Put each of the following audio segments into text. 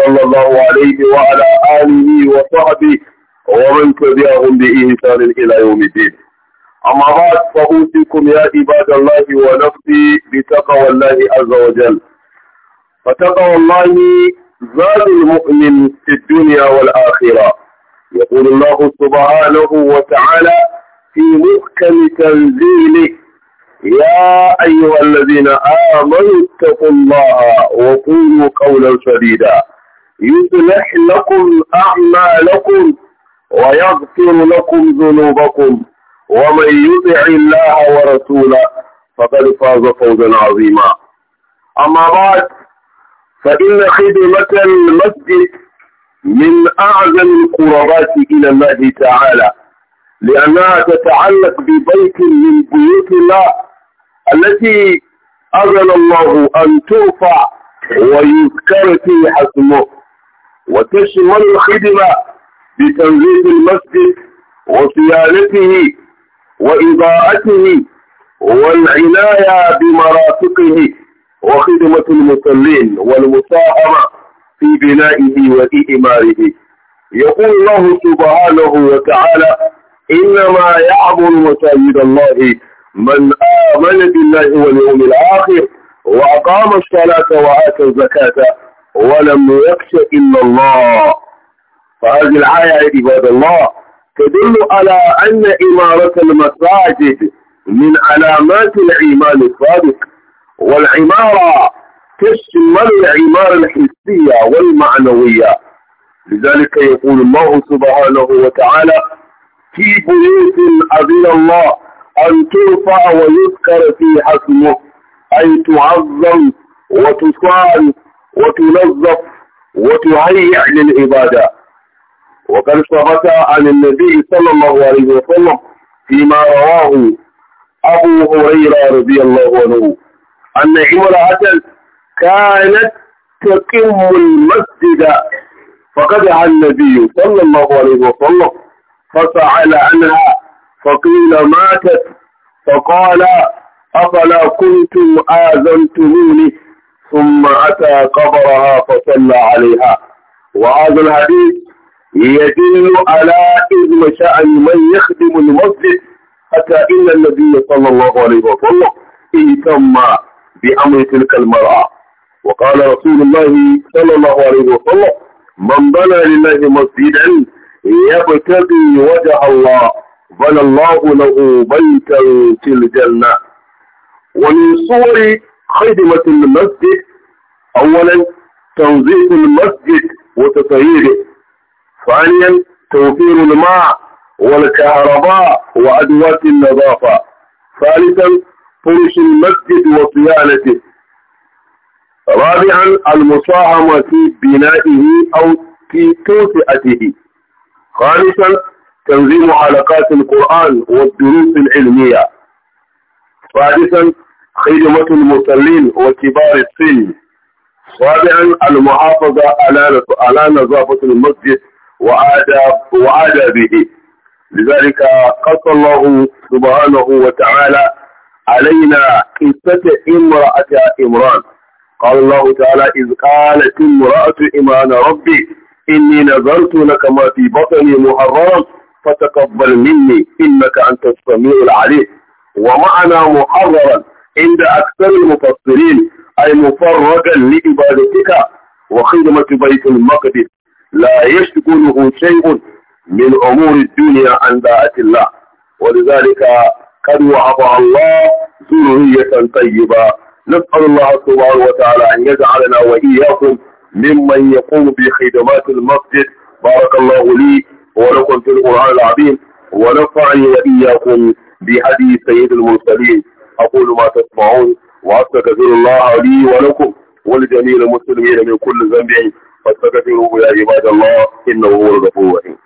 صلى الله عليه وعلى آله وصحبه ومن تبعهم بإنسان إلى يوم الدين أما بعد فأوصيكم يا عباد الله ونفسي بتقوى الله عز وجل فتقوى الله زاد المؤمن في الدنيا والآخرة يقول الله سبحانه وتعالى في محكم تنزيله يا أيها الذين آمنوا اتقوا الله وقولوا قولا سديدا يصلح لكم أعمالكم ويغفر لكم ذنوبكم ومن يطع الله ورسوله فقد فاز فوزا عظيما أما بعد فإن خدمة المسجد من أعظم القربات إلى الله تعالى لأنها تتعلق ببيت من بيوت الله التي أذن الله أن ترفع ويذكر فيها حسمه وتشمل الخدمة بتنظيف المسجد وصيانته وإضاءته والعناية بمرافقه وخدمة المصلين والمساهمة في بنائه وإماره يقول الله سبحانه وتعالى إنما يعبد مساجد الله من آمن بالله واليوم الآخر وأقام الصلاة وآتى الزكاة ولم يخش إلا الله فهذه الآية عباد الله تدل على أن إمارة المساجد من علامات الإيمان الصادق والعمارة تشمل العمارة الحسية والمعنوية لذلك يقول الله سبحانه وتعالى في بيوت أذن الله أن ترفع ويذكر فيها اسمه أي تعظم وتصان وتنظف وتهيئ للعبادة وقد ثبت عن النبي صلى الله عليه وسلم فيما رواه أبو هريرة رضي الله عنه أن امرأة كانت تقم المسجد فقد النبي صلى الله عليه وسلم فسعل عنها فقيل ماتت فقال أفلا كنتم آذنتموني ثم أتى قبرها فصلى عليها وهذا الحديث يدل على إذن شأن من يخدم المسجد حتى إلا النبي صلى الله عليه وسلم تم بأمر تلك المرأة وقال رسول الله صلى الله عليه وسلم من بنى لله مسجدا يبتغي وجه الله بنى الله له بيتا في الجنة ومن صور خدمة المسجد أولا تنظيف المسجد وتطهيره ثانيا توفير الماء والكهرباء وأدوات النظافة ثالثا فرش المسجد وصيانته رابعا المساهمة في بنائه أو في توسعته خامسا تنظيم حلقات القرآن والدروس العلمية سادسا خدمة المصلين وكبار السن رابعا المحافظة على على نظافة المسجد وآداب وآدابه لذلك قص الله سبحانه وتعالى علينا قصة امرأة عمران قال الله تعالى إذ قالت امرأة إمران ربي إني نظرت لك ما في بطني محرم فتقبل مني إنك أنت السميع العليم ومعنى محررا عند أكثر المفسرين أي مفرقا لإبادتك وخدمة بيت المقدس لا يشتكونه شيء من أمور الدنيا عن ذات الله ولذلك قد وعب الله ذرية طيبة نسأل الله سبحانه وتعالى أن يجعلنا وإياكم ممن يقوم بخدمات المسجد بارك الله لي ولكم في القرآن العظيم ونفعني وإياكم بهدي سيد المرسلين أقول ما تسمعون وأستغفر الله لي ولكم ولجميع المسلمين من كل ذنب فاستغفروه يا عباد الله إنه هو الغفور الرحيم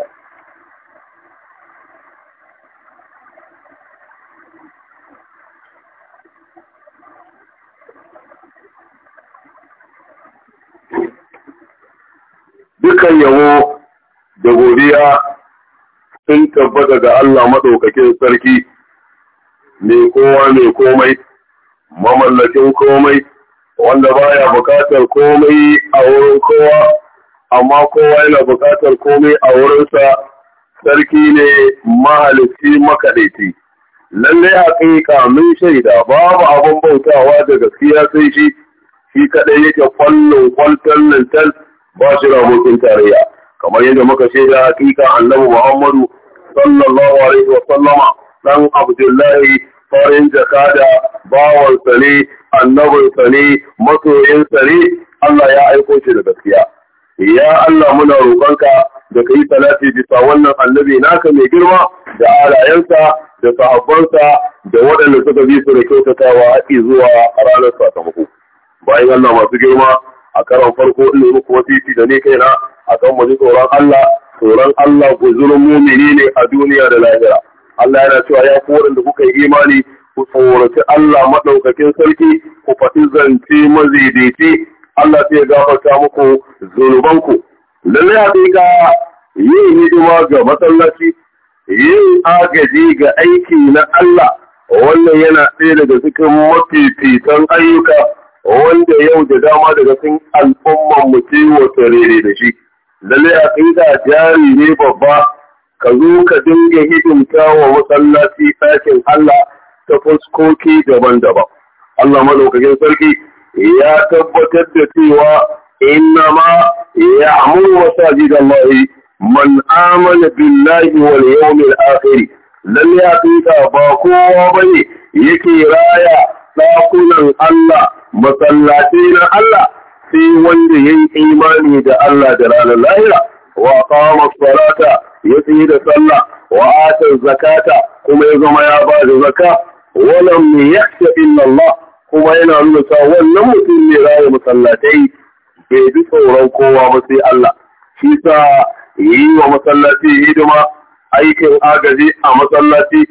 dukkan yabo da godiya sun tabbata ga Allah maɗaukakin sarki, ne kowa mai komai, mamallakin komai, wanda ba ya buƙatar komai a wurin kowa, amma kowa yana bukatar komai a wurinsa sarki ne mahalicci makaɗaici. Lallai haƙiƙa mun shaida babu abin bautawa daga gaskiya shi, shi kaɗai yake kwallon kwaltan lantarki ba shi rabokin tarayya. Kamar yadda muka shaida haƙiƙa annabi Muhammadu sallallahu alaihi wa sallama dan Abdullahi farin jakada bawan sane annabin sane masoyin sane Allah ya aiko shi da gaskiya ya Allah muna roƙonka da kai salati bisa wannan annabi naka mai girma da alayansa da sahabbansa da waɗanda suka bi su da kyautatawa haƙi zuwa ranar sakamako bayan Allah masu girma a karon farko ina muku wasiti da ni kaina akan mu ji tsoron Allah tsoron Allah ku guzurin mumini ne a duniya da lahira Allah yana cewa ya ku waɗanda kuka yi imani ku tsoraci Allah maɗaukakin sarki ku faɗi zance mazidici Allah sai ya gafarta muku zunubanku lallai ga yin hidima ga masallaci yin agaji ga aiki na Allah wannan yana ɗaya daga cikin mafifitan ayyuka wanda yau da dama daga cikin al'ummar mu ce wata rere da shi lalle da jari ne babba ka zo ka dinga hidimta wa masallaci ɗakin Allah ta fuskoki daban-daban Allah madaukakin sarki ya tabbatar da cewa inna ma ya ya'muru Allahi man amana billahi wal yawmil akhir lalle da ba kowa bane yake raya ɗakunan Allah masallaci na Allah sai wanda ya yi imani da Allah da ranar lahira wa kama salata ya tsaye da sallah wa ata zakata kuma ya zama ya ba da zaka walam yakhsha illa kuma yana nuna cewa wannan mutum ne rayu masallatai bai ji tsoron kowa ba sai Allah shi sa yi wa masallaci hidima aikin agaji a masallaci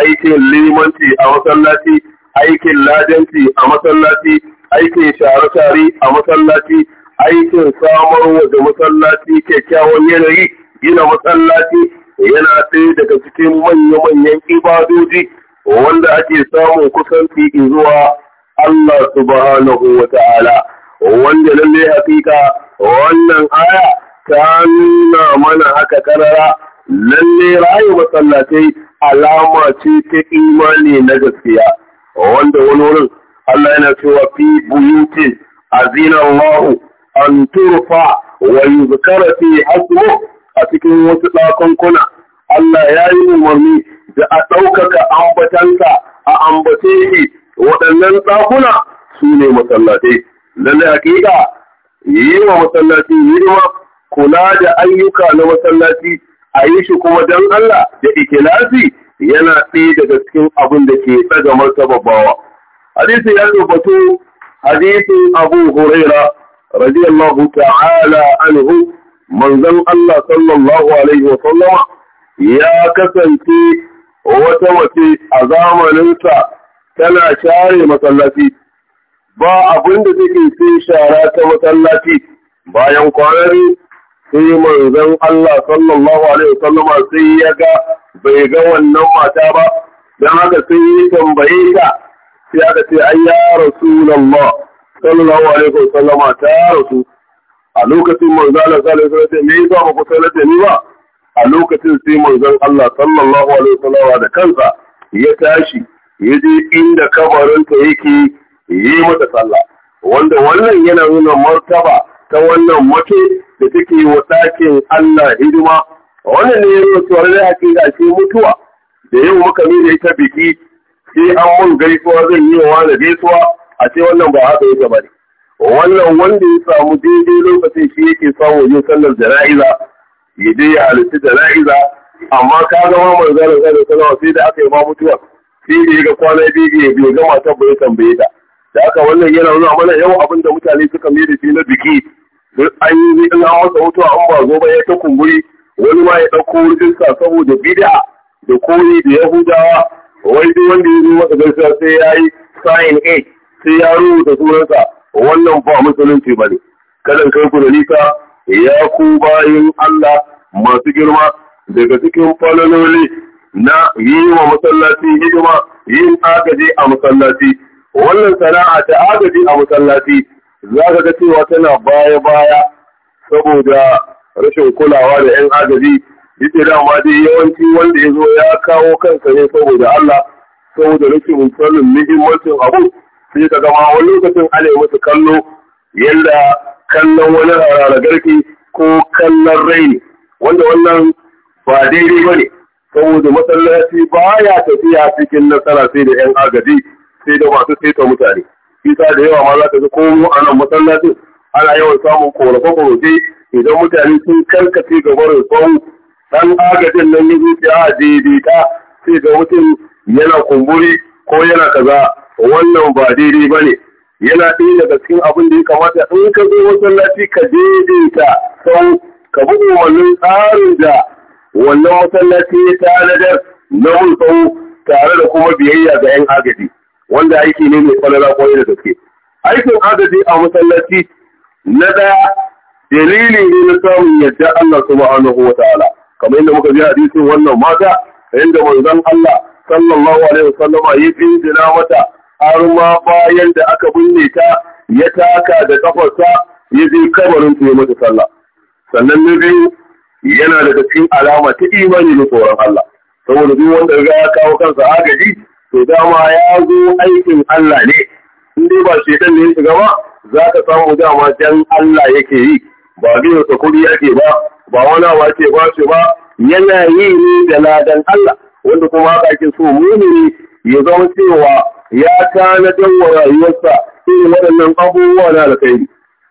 aikin limanci a masallaci aikin ladanci a masallaci aikin share-share a masallaci aikin samar da masallaci kyakkyawan yanayi gina masallaci yana ɗaya daga cikin manya-manyan ibadoji wanda ake samun kusanci zuwa Allah subhanahu wa ta'ala wanda lalle hakika wannan aya ta nuna mana haka karara lalle rayu masallacai alama ce ta imani na gaskiya wanda wani wurin Allah yana cewa fi a azina Allah an turfa wa yuzkara fi hasbu a cikin wasu ɗakunkuna Allah ya yi umarni da a ɗaukaka ambatansa a ambace shi waɗannan ɗakuna su ne masallatai lalle hakika yi wa masallaci hidima kula da ayyuka na masallaci a yi shi kuma don Allah da ikilasi yana ɗaya daga cikin abin da ke tsaga martaba bawa. hadisi ya rubutu hadisin Abu Huraira radiyallahu ta'ala anhu manzon Allah sallallahu alaihi wa sallama ya kasance wata wace a zamaninsa tana share masallaci ba abin da take sai shara ta masallaci bayan kwanan sai manzan Allah sallallahu alaihi sallama sai ya ga bai ga wannan mata ba don haka sai ya tambaye ta sai aka ce ai ya rasulullah sallallahu alaihi wasallama ta rasu a lokacin manzo Allah sallallahu alaihi wasallam ne yasa ba ku sanar da ni ba a lokacin sai manzon Allah sallallahu alaihi wasallama da kansa ya tashi ya je inda kabarinta yake yi mata sallah wanda wannan yana nuna martaba ta wannan mace da take wa ɗakin Allah hidima wannan ne ya nuna cewa da hakika ce mutuwa da yau muka da ita biki sai an mun gaisuwa zan yi wa da gaisuwa a ce wannan ba haka yake bane wannan wanda ya samu daidai lokacin shi yake samu yin sallar jana'iza ya je ya halitta jana'iza amma ka zama manzanin sallar sallar sai da aka yi ma mutuwa sai da ya ga kwana biyu ya ga gama bai tambaye ta da aka wannan yana nuna mana yau abin da mutane suka mai da shi na biki an yi in an masa mutuwa an ba zo ya ta kumburi wani ma ya ɗauko sa saboda bid'a da koyi da yahudawa wai duk wanda ya masa gaisuwa sai ya yi sign a sai ya rubuta sunansa wannan ba musulunci ba ne kadan kai ku da nisa ya ku bayin Allah masu girma daga cikin falaloli na yi wa masallaci hidima yin agaji a masallaci wannan sana'a ta agaji a masallaci za ka ga cewa tana baya-baya saboda rashin kulawa da 'yan agaji da ma dai yawanci wanda ya zo ya kawo kansa ne saboda Allah saboda rashin sanin muhimmancin abu sai ka gama wani lokacin ana musu kallo yadda kallon wani rarragarki ko kallon raini wanda wannan ba daidai ba ne saboda masallaci ba ya tafiya cikin nasara sai da 'yan agaji sai da masu saita mutane isa da yawa ma za ka ga ko a nan masallacin ana yawan samun korafe-korafe idan mutane sun karkace gabar barin dan agajin nan ya zuciya a sai ga mutum yana kumburi ko yana kaza wannan ba daidai ba ne yana ɗaya daga cikin abin da ya kamata in ka zo masallaci ka daidaita sau ka bi wannan tsarin da wannan masallaci ya tanadar na sau tare da kuma biyayya ga 'yan agaji wanda aiki ne mai falala kwarai da gaske aikin agaji a masallaci na ɗaya dalili ne na samun yadda Allah subhanahu wa ta'ala kamar yadda muka ji hadisin wannan mata yadda manzon Allah sallallahu alaihi wasallama ya jinjina mata har ma bayan da aka binne ta ya taka da kafarsa ya je kabarin ta mata sallah sannan na biyu yana daga cikin alama ta imani da tsoron Allah saboda duk wanda ya kawo kansa agaji to dama ya zo aikin Allah ne in dai ba shedan ne ya shiga ba za ka samu dama dan Allah yake yi ba biyan sa kuɗi ake ba ba wani abu ake ba shi ba yana yi ne da ladan Allah wanda kuma haka ake so mumini ya zama cewa ya kana wa rayuwarsa irin waɗannan abubuwa na alkhairi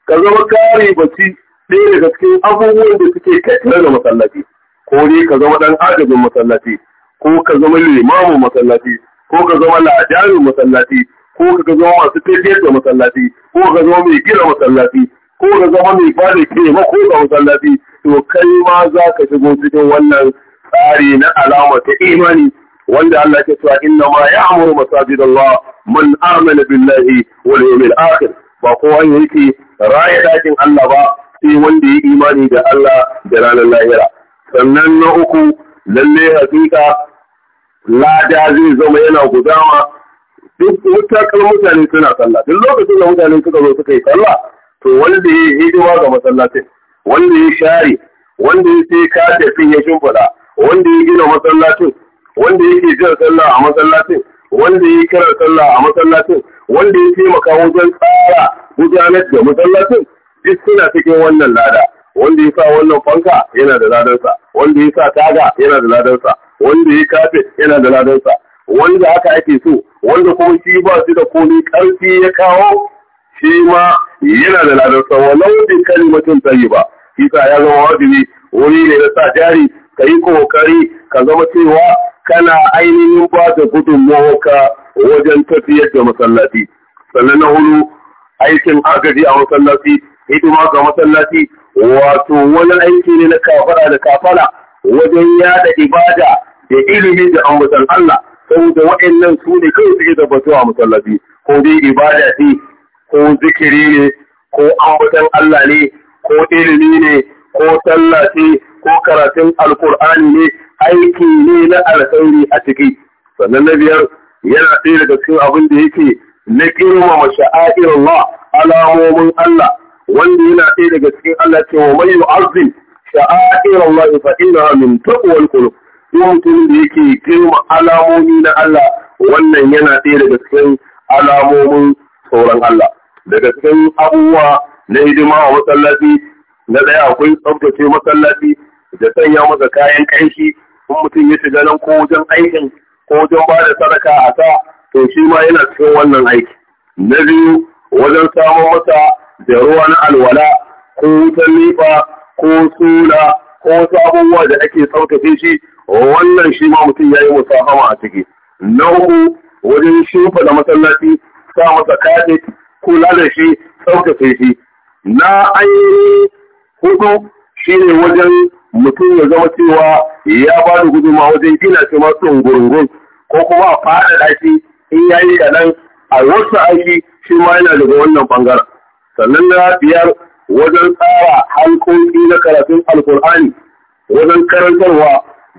ka zama kare bacci ɗaya daga cikin abubuwan da suke tattare da masallaci ko ne ka zama ɗan adabin masallaci ko ka zama limamin masallaci ko ka zama ladanin masallaci ko ka zama masu tafiyar da masallaci ko ka zama mai gina masallaci ko ka zama mai ba da ke mako ko ka masallaci to kai ma za ka shigo cikin wannan tsari na alama ta imani wanda Allah ke cewa inna ma amuru masajid Allah man amana billahi wal yawmil akhir ba ko kowa yake raya dakin Allah ba sai wanda ya imani da Allah da ranar lahira sannan na uku lalle hakika lada zai zama yana gudama duk wutakar mutane suna sallah duk lokacin da mutane suka zo suka yi sallah to wanda ya yi hidima ga masallacin wanda ya share wanda ya sai kafin ya shimfiɗa wanda ya gina masallacin wanda ya ke jin sallah a masallacin wanda ya kira sallah a masallacin wanda ya taimaka wajen tsara gudanar da masallacin duk suna cikin wannan lada wanda ya sa wannan fanka yana da ladansa wanda ya sa taga yana da ladansa wanda ya kafe yana da ladansa wanda aka ake so wanda kuma shi ba shi da komai ƙarfi ya kawo shi ma yana da ladarsa walau bi kalimatin shi isa ya zama wajibi wuri ne na sa jari ka yi kokari ka zama cewa kana ainihin ba da ka wajen tafiyar da masallaci sannan na hudu aikin agaji a masallaci hidima ga masallaci wato wani aiki ne na kafara da kafara wajen yada ibada da ilimi da ambatan Allah saboda waɗannan su ne kai suke a masallaci ko dai ibada ce ko zikiri ne ko ambatan Allah ne ko ilimi ne ko tallace, ko karatun alkur'ani ne aiki ne na alkhairi a ciki sannan na biyar yana ɗaya daga cikin abin da yake na girmama sha'a'ir Allah alamomin Allah wanda yana ɗaya daga cikin Allah ce wa mai yu'azzim sha'a'ir Allah fa innaha min taqwal qulub mutum da yake girma alamomi na Allah wannan yana ɗaya daga cikin alamomin tsoron Allah daga cikin abubuwa na hidima wa masallaci na ɗaya akwai tsabtace masallaci da sanya masa kayan ƙanshi in mutum ya shiga nan ko wajen aikin ko wajen ba da sadaka a sa to shi ma yana cikin wannan aiki na biyu wajen samun masa da ruwa na alwala ko wutar nifa ko sula ko wasu abubuwa da ake tsabtace shi wannan shi ma mutum ya yi musafama a ciki na uku wajen shufa da masallaci sa masa kafet kula da shi tsaukace shi na ainihi hudu shi ne wajen mutum ya zama cewa ya ba da wajen gina shi ma tsungurungun ko kuma a faɗaɗa shi in ya yi kaɗan a wasu aiki shi ma yana daga wannan bangaren sannan na biyar wajen tsara hankoki na karatun alkur'ani wajen karantarwa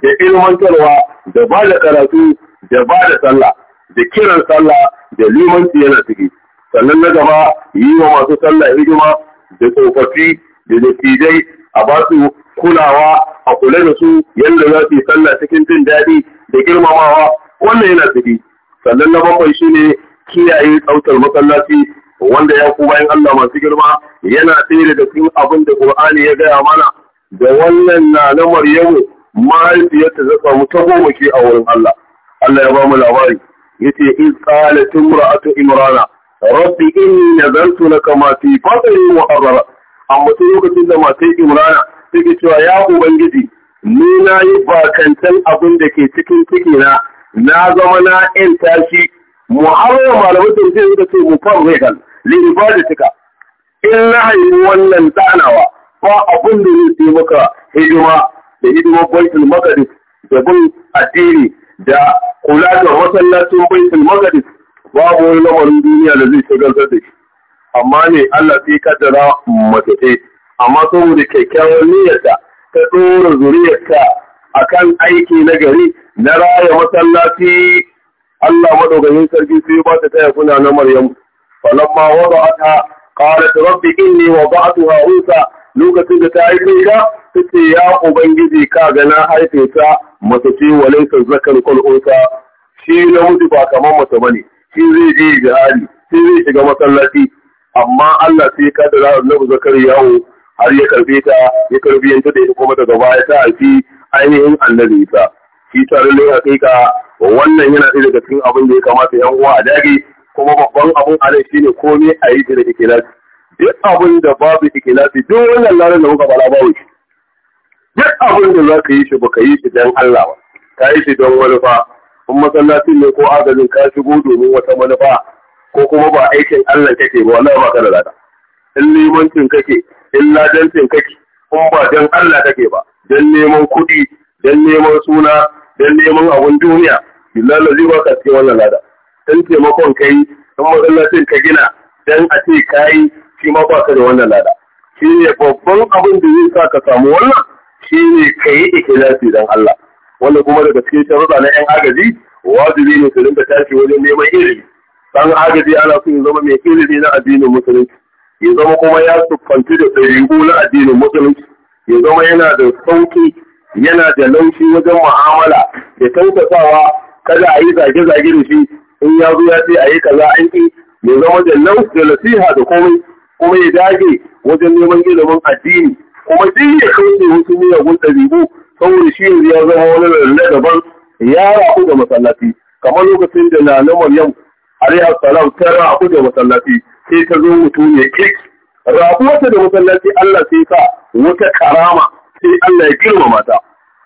da ilmantarwa da ba da karatu da ba da sallah da kiran sallah da limanci yana ciki sannan na gaba yi wa masu sallah hidima da tsofaffi da dattijai a ba su kulawa a kula da su yadda za su yi sallah cikin jin daɗi da girmamawa wannan yana ciki sannan na bakwai ne kiyaye tsautar masallaci wanda ya ku bayan Allah masu girma yana tsere da cikin abin da Qur'ani ya gaya mana da wannan na na Maryamu mahaifiyarta ta samu tagomashi a wurin Allah Allah ya ba mu labari yace in qalat imra'atu imrana rabbi inni nazaltu laka ma fi wa muharrara amma sai lokacin da sai imrana sai cewa ya ubangiji ni na yi bakantan abin da ke cikin cikina na na zama na in tashi muharrama malamai sai da ce ba da cika. in na haifi wannan tsanawa ba abin da zai maka hidima da hidima baitul maqdis da bin addini da kula da masallacin baitul maqdis babu wani lamarin duniya da zai shagaltar da shi amma ne Allah sai kaddara mace amma saboda kyakkyawar niyyarta ta ɗora zuriyarta akan aiki na gari na raya masallaci Allah madogarin sarki sai ba ta taya kuna na Maryam falamma wada'ata qalat rabbi inni wada'tuha unsa lokacin da ta haife ka tace ya ubangiji ka ga na haife ta mace ce walaysa zakar kul unsa shi namiji ba kamar mace bane shi zai je jihadi shi zai shiga masallaci amma Allah sai ka da zakari yawo har ya karbe ta ya karbiyanta da ita kuma daga baya ta haifi ainihin Annabi Isa shi tare da ka? wannan yana ɗaya daga cikin abin da ya kamata yan uwa a dage kuma babban abin a nan shine komai a yi da ikilasi duk abin da babu ikilasi duk wannan lalar da muka fara babu shi duk abin da za ka yi shi ba ka yi shi don Allah ba ka yi shi don wani fa in masallacin ne ko agajin ka shigo domin wata manufa ko kuma ba aikin Allah kake ba wallahi ba ka da lada in limancin kake in ladancin kake in ba dan Allah kake ba dan neman kuɗi dan neman suna dan neman abun duniya billahi lazi ba ka cikin wannan lada dan taimakon kai in masallacin ka gina dan a ce kai shi ma ba ka da wannan lada shi ne babban abin da zai sa ka samu wannan shi ne ka yi ikilasi dan Allah wanda kuma gaske ta sharuɗa na 'yan agaji wajibi ne su rinka tashi wajen neman ilimi dan agaji ana so ya zama mai ilimi na addinin musulunci ya zama kuma ya tuffanci da ɗariƙu na addinin musulunci ya zama yana da sauƙi yana da laushi wajen mu'amala da tausasawa kada a yi zage-zage da shi in ya zo ya ce a yi kaza an ƙi ya zama da laushi da nasiha da komai kuma ya dage wajen neman ilimin addini kuma duk ya kauce wasu miyagun ɗariƙu saboda shi yanzu ya zama wani lalle daban ya rafu da masallaci kamar lokacin da na na Maryam alayhi salam ta rafu da masallaci sai ta zo mutum ya kik wata da masallaci Allah sai sa wata karama sai Allah ya girmama ta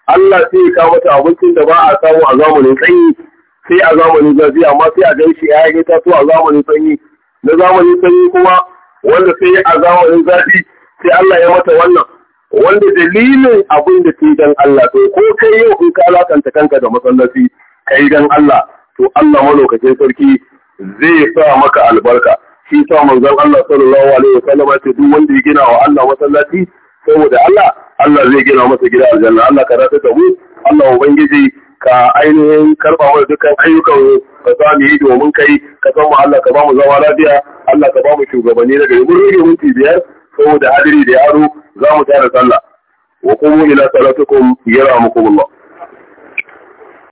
Allah sai ya mata abincin da ba a samu a zamanin sanyi sai a zamanin zafi amma sai a ganshi ya yi ta a zamanin sanyi na zamanin sanyi kuma wanda sai a zamanin zafi sai Allah ya mata wannan wanda dalilin abin da ke dan Allah to ko kai yau in ka alakanta kanka da masallaci kai dan Allah to Allah malokacin sarki zai sa maka albarka shi sa manzon Allah sallallahu alaihi wasallam ya ce duk wanda ya gina wa Allah masallaci saboda Allah Allah zai gina masa gida aljanna Allah ka rasa da mu Allah ubangiji ka ainihin karba mana dukkan ayyukan ka sa mu yi domin kai ka san mu Allah ka ba mu zama lafiya Allah ka ba mu shugabanni daga mun rage minti biyar saboda hadiri da yaro za mu tara sallah wa qumu ila salatikum yarhamukumullah